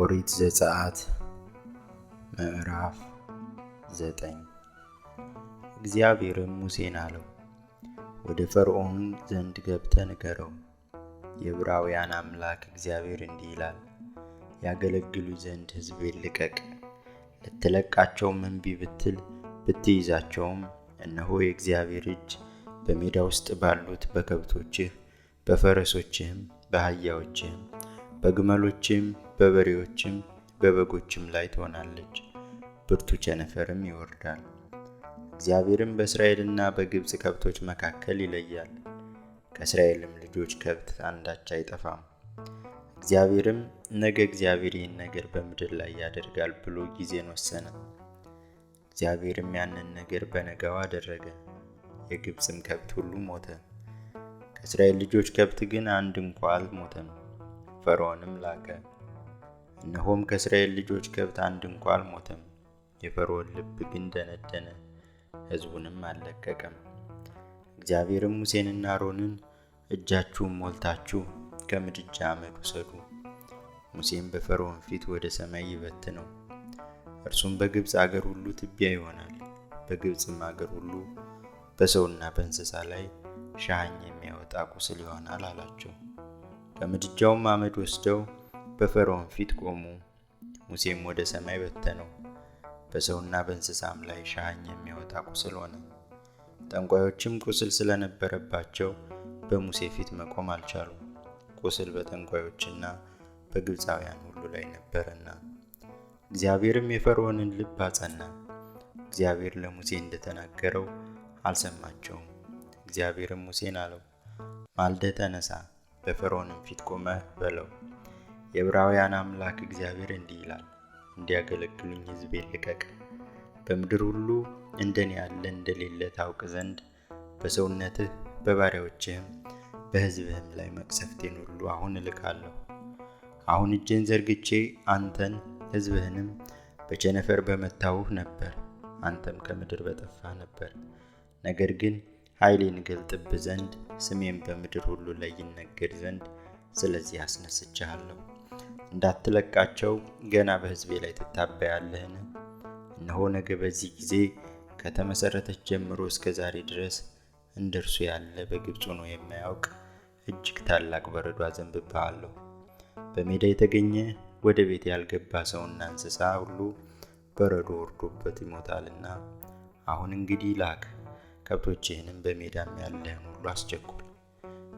ኦሪት ዘጸአት ምዕራፍ ዘጠኝ እግዚአብሔርም ሙሴን አለው፣ ወደ ፈርዖን ዘንድ ገብተ ንገረው፣ የብራውያን አምላክ እግዚአብሔር እንዲህ ይላል፣ ያገለግሉ ዘንድ ሕዝቤን ልቀቅ። ልትለቃቸው እምቢ ብትል ብትይዛቸውም፣ እነሆ የእግዚአብሔር እጅ በሜዳ ውስጥ ባሉት በከብቶችህ፣ በፈረሶችህም፣ በአህያዎችህም፣ በግመሎችህም በበሬዎችም በበጎችም ላይ ትሆናለች፣ ብርቱ ቸነፈርም ይወርዳል። እግዚአብሔርም በእስራኤልና በግብፅ ከብቶች መካከል ይለያል፣ ከእስራኤልም ልጆች ከብት አንዳች አይጠፋም። እግዚአብሔርም ነገ እግዚአብሔር ይህን ነገር በምድር ላይ ያደርጋል ብሎ ጊዜን ወሰነ። እግዚአብሔርም ያንን ነገር በነጋው አደረገ። የግብፅም ከብት ሁሉ ሞተ፣ ከእስራኤል ልጆች ከብት ግን አንድ እንኳ አልሞተም። ፈርዖንም ላከ እነሆም ከእስራኤል ልጆች ከብት አንድ እንኳ አልሞተም። የፈርዖን ልብ ግን ደነደነ፣ ሕዝቡንም አልለቀቀም። እግዚአብሔርም ሙሴንና አሮንን እጃችሁን ሞልታችሁ ከምድጃ አመድ ውሰዱ፣ ሙሴም በፈርዖን ፊት ወደ ሰማይ ይበት ነው። እርሱም በግብፅ አገር ሁሉ ትቢያ ይሆናል። በግብፅም አገር ሁሉ በሰውና በእንስሳ ላይ ሻሃኝ የሚያወጣ ቁስል ይሆናል አላቸው። ከምድጃውም አመድ ወስደው በፈርዖን ፊት ቆሙ። ሙሴም ወደ ሰማይ በተነው፣ በሰውና በእንስሳም ላይ ሻህኝ የሚያወጣ ቁስል ሆነ። ጠንቋዮችም ቁስል ስለነበረባቸው በሙሴ ፊት መቆም አልቻሉም። ቁስል በጠንቋዮችና በግብፃውያን ሁሉ ላይ ነበረና። እግዚአብሔርም የፈርዖንን ልብ አጸና። እግዚአብሔር ለሙሴ እንደተናገረው አልሰማቸውም። እግዚአብሔርም ሙሴን አለው፣ ማልደ ተነሳ፣ በፈርዖንም ፊት ቆመህ በለው የዕብራውያን አምላክ እግዚአብሔር እንዲህ ይላል፣ እንዲያገለግሉኝ ሕዝቤን ልቀቅ። በምድር ሁሉ እንደኔ ያለ እንደሌለ ታውቅ ዘንድ በሰውነትህ በባሪያዎችህም በሕዝብህም ላይ መቅሰፍቴን ሁሉ አሁን እልካለሁ። አሁን እጄን ዘርግቼ አንተን ሕዝብህንም በቸነፈር በመታውህ ነበር፣ አንተም ከምድር በጠፋህ ነበር። ነገር ግን ኃይሌን ገልጥብ ዘንድ ስሜም በምድር ሁሉ ላይ ይነገር ዘንድ ስለዚህ አስነስቻሃለሁ። እንዳትለቃቸው ገና በሕዝቤ ላይ ትታበያለህን? እነሆ ነገ በዚህ ጊዜ ከተመሠረተች ጀምሮ እስከ ዛሬ ድረስ እንደ እርሱ ያለ በግብፅ ሆኖ የማያውቅ እጅግ ታላቅ በረዶ አዘንብብሃለሁ። በሜዳ የተገኘ ወደ ቤት ያልገባ ሰውና እንስሳ ሁሉ በረዶ ወርዶበት ይሞታልና፣ አሁን እንግዲህ ላክ፣ ከብቶችህንም በሜዳም ያለህን ሁሉ አስቸኩል።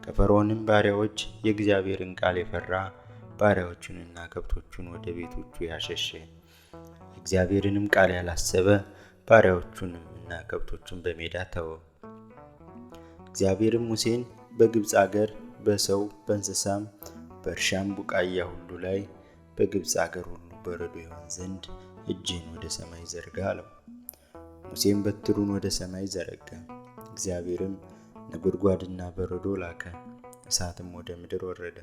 ከፈርዖንም ባሪያዎች የእግዚአብሔርን ቃል የፈራ ባሪያዎቹንና ከብቶቹን ወደ ቤቶቹ ያሸሸ እግዚአብሔርንም ቃል ያላሰበ ባሪያዎቹንም እና ከብቶቹን በሜዳ ተወ። እግዚአብሔርም ሙሴን በግብፅ አገር በሰው በእንስሳም በእርሻም ቡቃያ ሁሉ ላይ በግብፅ አገር ሁሉ በረዶ ይሆን ዘንድ እጅን ወደ ሰማይ ዘርጋ አለው። ሙሴም በትሩን ወደ ሰማይ ዘረጋ። እግዚአብሔርም ነጎድጓድና በረዶ ላከ፣ እሳትም ወደ ምድር ወረደ።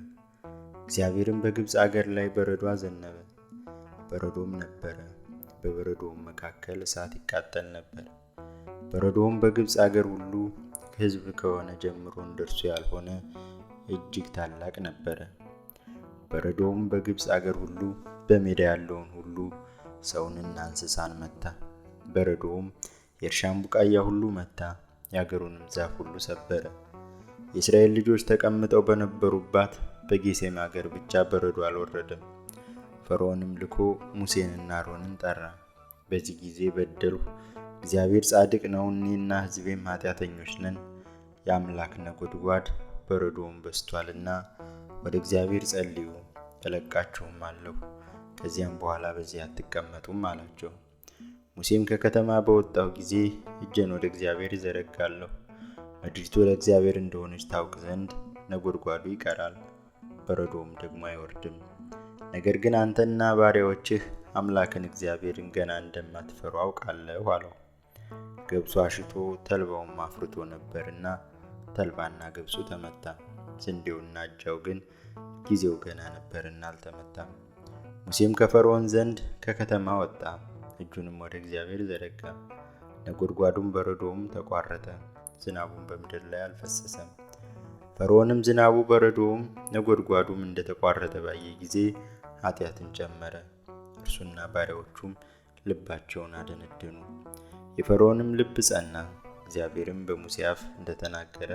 እግዚአብሔርም በግብፅ አገር ላይ በረዶ አዘነበ፣ በረዶም ነበረ፣ በበረዶውም መካከል እሳት ይቃጠል ነበር። በረዶውም በግብፅ አገር ሁሉ ሕዝብ ከሆነ ጀምሮ እንደርሱ ያልሆነ እጅግ ታላቅ ነበረ። በረዶውም በግብፅ አገር ሁሉ በሜዳ ያለውን ሁሉ ሰውንና እንስሳን መታ። በረዶውም የእርሻን ቡቃያ ሁሉ መታ፣ የአገሩንም ዛፍ ሁሉ ሰበረ። የእስራኤል ልጆች ተቀምጠው በነበሩባት በጌሴም አገር ብቻ በረዶ አልወረደም። ፈርዖንም ልኮ ሙሴንና አሮንን ጠራ። በዚህ ጊዜ በደሉ እግዚአብሔር ጻድቅ ነው፣ እኔና ሕዝቤም ኃጢአተኞች ነን። የአምላክ ነጎድጓድ በረዶውን በስቷልና ወደ እግዚአብሔር ጸልዩ፣ እለቃችሁም አለሁ። ከዚያም በኋላ በዚህ አትቀመጡም አላቸው። ሙሴም ከከተማ በወጣው ጊዜ እጄን ወደ እግዚአብሔር ይዘረጋለሁ፣ ምድሪቱ ለእግዚአብሔር እንደሆነች ታውቅ ዘንድ ነጎድጓዱ ይቀራል። በረዶም ደግሞ አይወርድም። ነገር ግን አንተና ባሪያዎችህ አምላክን እግዚአብሔርን ገና እንደማትፈሩ አውቃለሁ አለው። ገብሱ አሽቶ ተልባውም አፍርቶ ነበርና ተልባና ገብሱ ተመታ፣ ስንዴውና አጃው ግን ጊዜው ገና ነበርና አልተመታም። ሙሴም ከፈርዖን ዘንድ ከከተማ ወጣ፣ እጁንም ወደ እግዚአብሔር ዘረጋ። ነጎድጓዱም በረዶውም ተቋረጠ፣ ዝናቡን በምድር ላይ አልፈሰሰም። ፈርዖንም ዝናቡ በረዶውም ነጎድጓዱም እንደተቋረጠ ባየ ጊዜ ኃጢአትን ጨመረ፣ እርሱና ባሪያዎቹም ልባቸውን አደነደኑ። የፈርዖንም ልብ ጸና፣ እግዚአብሔርም በሙሴ አፍ እንደተናገረ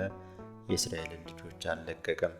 የእስራኤልን ልጆች አልለቀቀም።